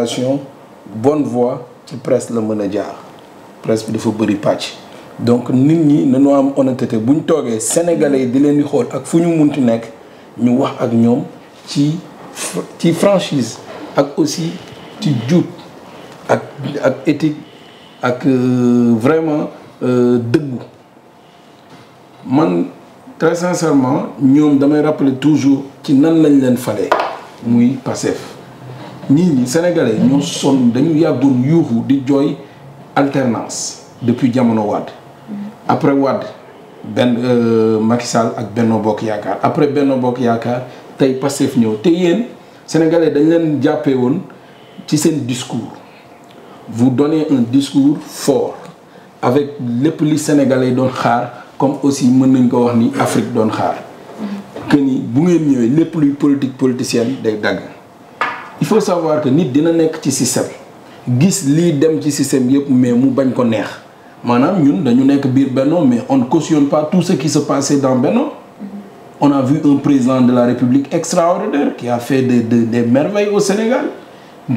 ation bonne voie ci presse la mën a jaar presse dafa bëri pàcc donc nit ñi nañu am honnêteté bu ñu toogee sénégalais yi di leen di xool ak fu ñu munti nekk ñu wax ak ñoom ci ci franchise ak aussi ci jub ak ak éthique ak euh, vraiment euh, dëggu man très sincèrement ñoom damay rappeler toujours ci nan lañ leen falee muy Pastef ñii ñi sénégalais ñoo sonn dañu yàggoon yuuxu di jooy alternance depuis jamono Wade après Wade benn euh, Macky Sall ak Benno Bokk Yaakaar après Benno Bokk Yaakaar tey Pastef ñëw te yéen sénégalais dañ leen jàppee woon ci seen discours vous donnez un discours fort avec lépp li sénégalais doon xaar comme aussi mën nañ ko wax ni Afrique doon xaar que bu ngeen ñëwee lépp luy politique politicienne day dagg il faut savoir que nit dina nekk ci système gis lii dem ci système yëpp mais mu bañ ko neex maanaam ñun dañu nekk biir Benno mais on ne cautionne pas tout ce qui se passait dans Benno on a vu un président de la République extraordinaire qui a fait de de des merveilles au Sénégal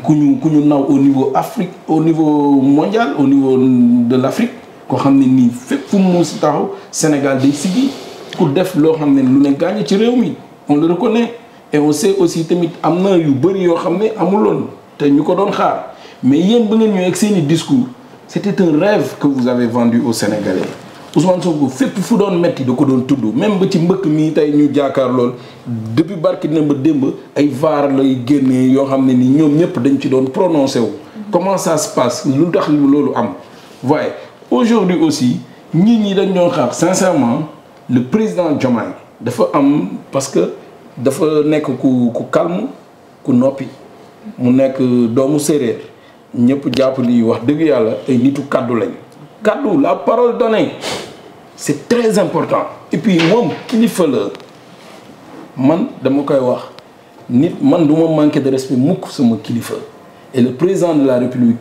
ku ñu ku ñu naw au niveau Afrique au niveau mondial au niveau de l'Afrique koo xam ne nii fépp fu mu si taxaw Sénégal day sigi ku def loo xam ne lu ne gaañ ci réew mi on le reconnaît et aussi tamit am na yu bëri yoo xam ne amuloon te ñu ko doon xaar mais yéen ba ngeen ñëwee ak seen i discours c' était un rêve que vous avez vendu aux Sénégalais Ousmane Sonko fépp fu doon metti du ko doon tudd même ba ci mbëkk mii tey ñu jaakaar lool depuis barki dina ba démb ay vaar lay génne yoo xam ne nii ñoom ñëpp dañu ci doon prononcé wu. comment ça se passe lu tax loolu am waaye aujourd'hui aussi nit ñi dañ doon xaar sincèrement le président Diomaye dafa am parce dafa nekk ku ku calme ku noppi mu nekk doomu séeréer ñëpp jàpp ni wax dëgg yàlla ay nitu kàddu lañ kàddu la parole donnée c'est très important et puis moom kilifa la man dama koy wax nit man du ma manquer de respect mukk sama kilifa et le président de la république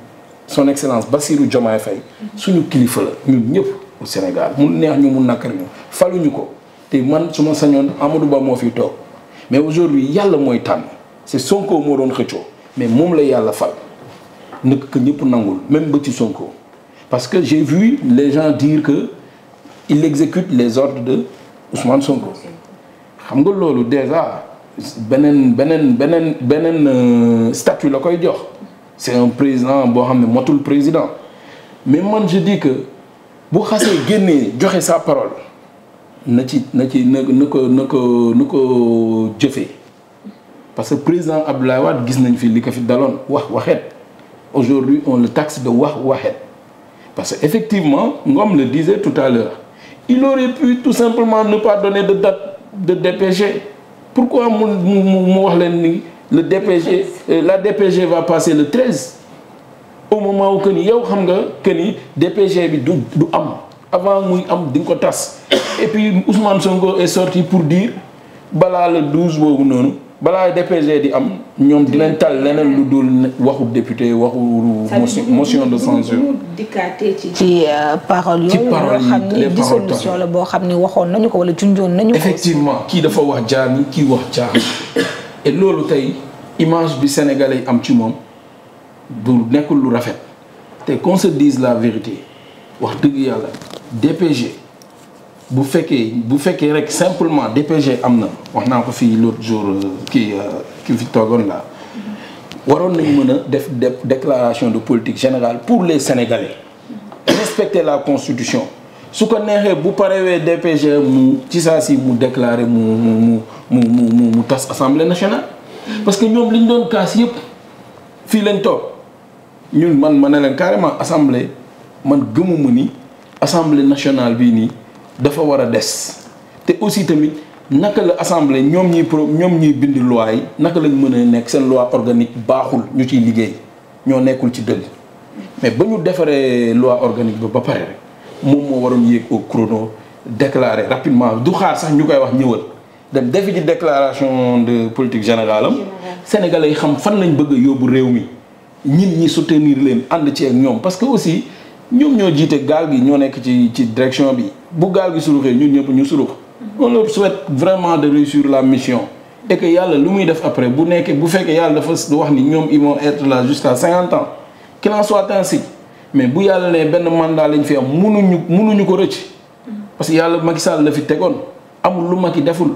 son excellence Bassirou Diomaye Faye suñu kilifa la ñun ñëpp au Sénégal mu neex ñu mu nakar faluñu ko te man su ma sañoon Amadou Ba moo fi toog mais aujourd'hui yàlla mooy tànn c'est Sonko moo doon xëccoo mais moom la yàlla fal nag que ñëpp nangul même ba ci Sonko parce que j'ai vu les gens dire que il exécute les ordres de Ousmane Sonko xam nga loolu déjà beneen beneen beneen beneen euh, statut la koy jox c'est un président boo xam ne motul président mais man je di que bu xasee génnee joxe sa parole na ci na ci na na ko na ko na ko jëfee parce que président Abdoulaye Wade gis nañ fi li ko fi daloon wax waxet aujourd'hui on le taxe de wax waxet parce que effectivement Ngom le disait tout à l'heure il aurait pu tout simplement ne pas donner de date de DPG pourquoi mu mu mu wax leen ni le DPG euh, la DPG va passer le 13 au moment où que ni yow xam nga que ni DPG bi du du am avant muy am di nga ko tas et puis Ousmane et sorti pour dire balaa la 12 boobu noonu balaa DPG di am ñoom dinañ tal leneen lu dul waxu député waxu motion de censure dikkaatee ci ci euh, parole yooyu loo xam ni dissolution la boo xam ni waxoon nañu ko wala junjoon nañu ko effectivement kii dafa wax jaar ni kii wax jaar et loolu tey image bi sénégalais yi am ci moom du nekkul lu rafet te qu'on se dise la vérité wax dëgg yàlla DPG bu fekkee bu fekkee rek simplement DPG am na wax naa ko fii l'autre jour euh, kii euh, ki fi toogoon la waroon nañu mën a def déclaration de politique général pour les Sénégalais respecter la constitution su ko neexee bu parewee DPG mu ci saa si mu déclarer mu mu mu mu mu tas assemblée nationale. parce que ñoom li doon kaas yëpp fii lañ toog ñun man ma na leen carrément assemblée man gëmuma nii assemblée nationale bii nii dafa war a des te aussi tamit naka la assemblée ñoom ñi pro ñoom ñuy bind loi yi naka lañ mën a nekk seen loi organique baaxul ñu ciy liggéey ñoo nekkul ci dëgg mais ba ñu defaree loi organique ba ba pare moom moo waroon yéeg au chrono déclarer rapidement du xaar sax ñu koy wax ñëwal dem defi ci déclaration de politique générale am sénégalais yi xam fan lañ bëgg yóbbu réew mi ñin ñi soutenir leen ànd ci ak ñoom parce que ñoom ñoo jiite gaal gi ñoo nekk ci ci direction bi bu gaal gi suruxee ñun ñëpp ñu surux on leur suwet vraiment de réussir la mission et yàlla lu muy def après bu nekkee bu fekkee yàlla dafa wax ni ñoom ils vont la là jusqu'à cinquante ans qu'il en soit ainsi mais bu yàlla ne benn mandat lañ fi am munuñu munuñu ko rëcc parce que yàlla Macky Sall la fi tegoon amul lu Macky deful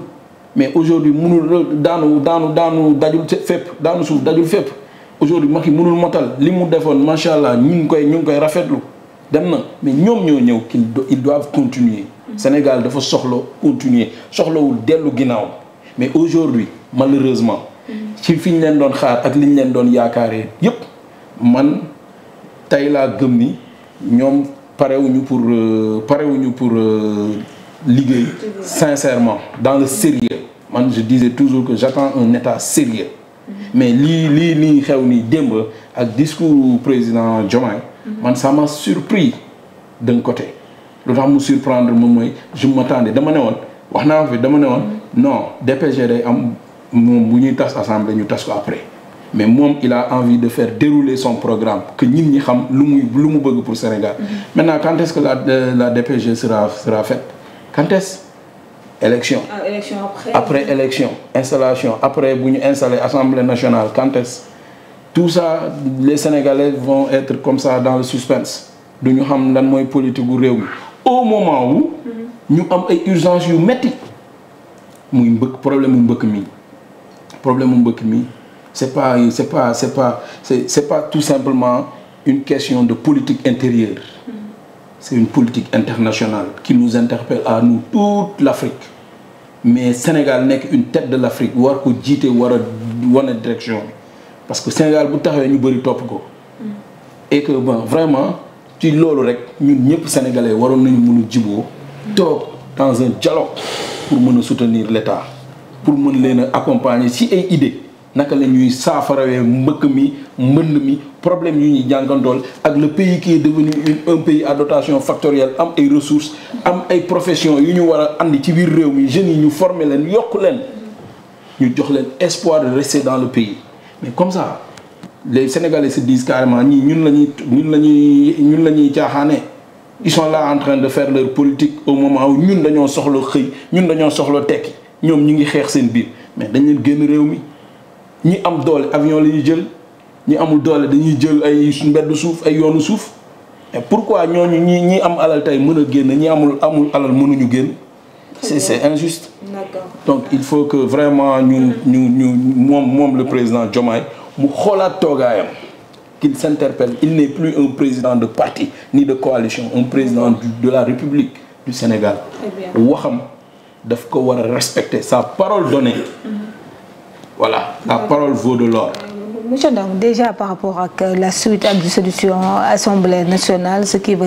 mais aujourd'hui munul daanu daanu daanu dajul fépp daanu suuf dajul fépp aujourd'hui Macky munul motal li mu defoon macha allah ñu koy ñu ngi koy rafetlu dem na mais ñoom ñoo ñëw qu'ils ils doivent continuer mm-hmm. Sénégal dafa soxla continuer soxlawul dellu ginnaaw mais aujourd'hui malheureusement mm-hmm. ci fi ñu leen doon xaar ak li ñu leen doon yaakaaree yépp man tey laa gëm ni ñoom parewuñu pour euh, parewuñu pour euh, liggéey sincèrement dans le sérieux man je disais toujours que j'attends un état sérieux mm-hmm. mais lii lii nii xew nii démb ak discours président Diomaye Mhm. man ça m'a surpris d'un côté lu tax mu surprendre moom mooy je m'attendais dama ne woon wax naa ko fi dama ne woon mhm. non DPG day am moom bu ñuy tas assemblée ñu tas ko après mais moom il a envie de fair dérouler son programme que nit ñi xam lu muy lu mu bëgg pour Sénégal mmh. maintenant quand que la euh, la DPG sera sera faite quand élection ah, après. élection installation après bu ñu installer assemblée nationale quand est tout ça les sénégalais vont être comme ça dans le suspense du ñu xam lan mooy politique gu réew mi au moment wu ñu am ay urgence yu metti muy mbëkk problème mu mbëkk mi problème mu mbëkk mi c'est pas c'est pas c'est pas c'est c'est pas tout simplement une question de politique intérieure c'est une politique internationale qui nous interpelle à nous toute l'Afrique mais Sénégal nekk une tête de l'Afrique war ko jiite war a wane direction parce que Sénégal bu taxawee ñu bëri topp ko. Mm. et que bon vraiment ci loolu rek ñun ñëpp sénégalais waroon nañu munu a jiboo toog dans un dialogue pour mën a soutenir l' pour mën leen a accompagner si ay idées naka la ñuy saafarawee mbëkk mi mbënd mi problème yu ñuy jàngandool ak le pays qui est devenu une un pays à factorielle am ay ressources am ay professions yu ñu war a andi ci biir réew mi jeunes yi ñu former leen yokk leen ñu jox leen espoir de rester dans le pays. mais comme ça les Sénégalais se disent carrément ñii ñun la ñuy ñun la ñuy ñun la ñuy caaxaanee ils sont là de faire politique au moment où ñun dañoo soxla xëy ñun dañoo soxla tekki ñoom ñu ngi xeex seen biir mais dañ leen génn réew mi ñi am doole avion la ñuy jël ñi amul doole dañuy jël ay mbeddu suuf ay yoonu suuf et pourquoi ñooñu ñi ñi am alal tey mën a génn ñi amul amul alal mënuñu génn c'est euh, c'est injuste. donc il faut que vraiment ñu ñu ñu moom moom le président Diomaye mu xoolaat toogaayam qu'il s'interpelle il n'est plus un président de parti ni de coalition un président du, de la République du Sénégal waxam daf ko war a respecté sa parole donnée mm-hmm. voilà la parole vaut de l'or déjà par rapport ak la suite ak dissolution Assemblée nationale ce qui